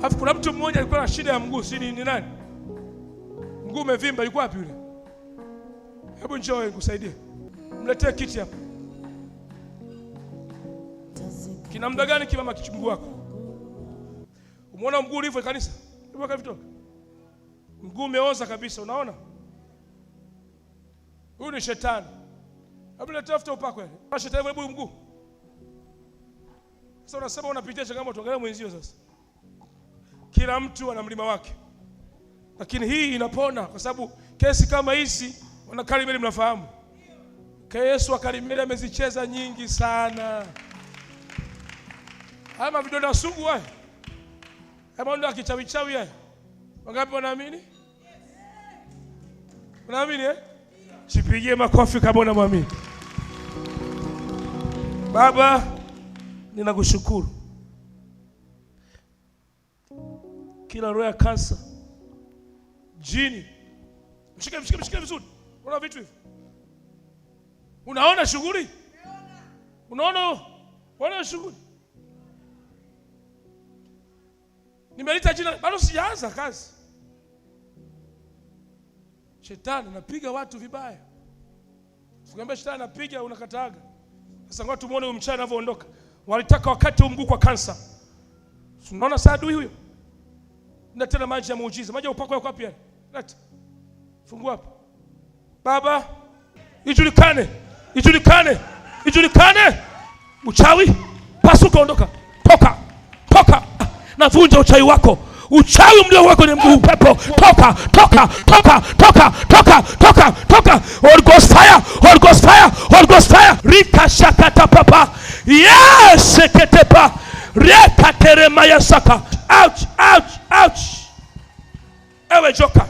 Alafu kuna mtu mmoja alikuwa na shida ya mguu, si ni nani? Mguu umevimba, yuko wapi yule? Hebu njoo nikusaidie. Mletee kiti hapa. Kina muda gani kimama mguu wako? Umeona mguu ulivyo kanisa? Hebu vitoka. Mguu umeoza kabisa, unaona? Huyu ni shetani. Hebu leta afuta upako yale. Shetani, hebu mguu. Sasa unasema unapitia changamoto, angalia mwenzio sasa. Kila mtu ana mlima wake, lakini hii inapona kwa sababu kesi kama hizi wana Karimeli, mnafahamu Yesu wa Karimeli amezicheza nyingi sana. Haya mavidonda sugu haya, haya maondo ya kichawichawi haya, wangapi wanaamini? Unaamini eh? Sipigie makofi kama unamwamini. Baba, ninakushukuru kila roho ya kansa, jini, mshike mshike mshike vizuri. Unaona vitu hivi, unaona shughuli, unaona unaona shughuli. Nimelita jina bado sijaanza kazi. Shetani anapiga watu vibaya, ukiambia shetani anapiga unakataaga. Sasa ngoja tumuone huyu mchana anavyoondoka. Walitaka wakati huu mguu kwa kansa, unaona saadui huyo na tena maji ya muujiza, maji ya upako yako wapi yale? Leta. Fungua hapa. Baba, ijulikane, ijulikane, ijulikane. Uchawi pasuka, ondoka. Toka. Toka. Navunja uchawi wako. Uchawi mlio wako ni mguu pepo. Toka, toka, toka, toka, toka, toka, toka. Holy Ghost fire, Holy Ghost fire, Holy Ghost fire. Rika shakata papa. Yes, ketepa. Reka terema saka Ouch. Ouch! Ewe joka,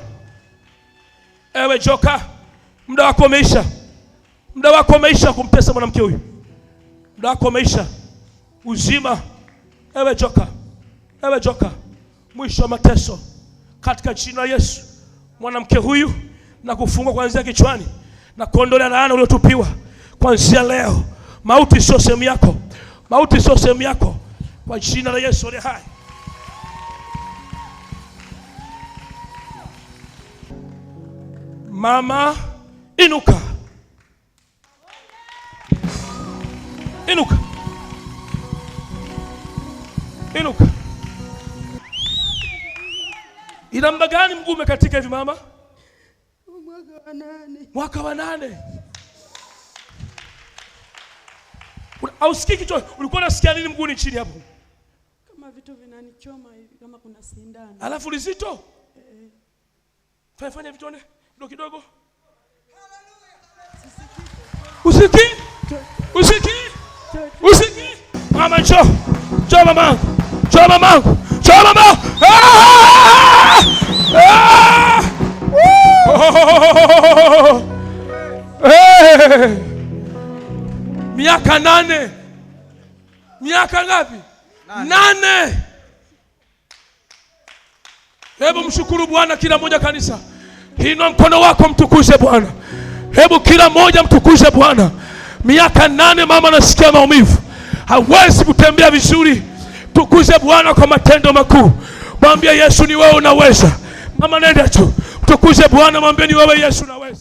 ewe joka, muda wako umeisha, muda wako umeisha kumtesa mwanamke huyu, muda wako umeisha uzima. Ewe joka, ewe joka, mwisho wa mateso katika jina Yesu. Mwanamke huyu na kufungwa kuanzia kichwani na kuondolea laana uliotupiwa kuanzia leo. Mauti sio sehemu yako, mauti sio sehemu yako, kwa jina la Yesu aliye hai. Mama inuka, inuka, inuka. Ina muda gani mgume katika hivi mama? Mwaka wa nane. Mwaka wa nane. Hausikii kichwa? Ulikuwa unasikia nini mguuni chini hapo? Kama vitu vinanichoma hivi, kama kuna sindano. Alafu lizito? Eh, eh. Fanya fanya vitone kidogo kidogo, usiki usiki usiki. Mama njoo, njoo mama, njoo mama, njoo mama. Ah! Eh! Miaka nane, miaka ngapi? Nane. Hebu mshukuru Bwana, kila moja kanisa Inua mkono wako mtukuze Bwana. Hebu kila mmoja mtukuze Bwana. Miaka nane mama anasikia maumivu, hawezi kutembea vizuri. Tukuze Bwana kwa matendo makuu. Mwambie Yesu, ni wewe unaweza. Mama, nenda tu, mtukuze Bwana, mwambie ni wewe Yesu unaweza.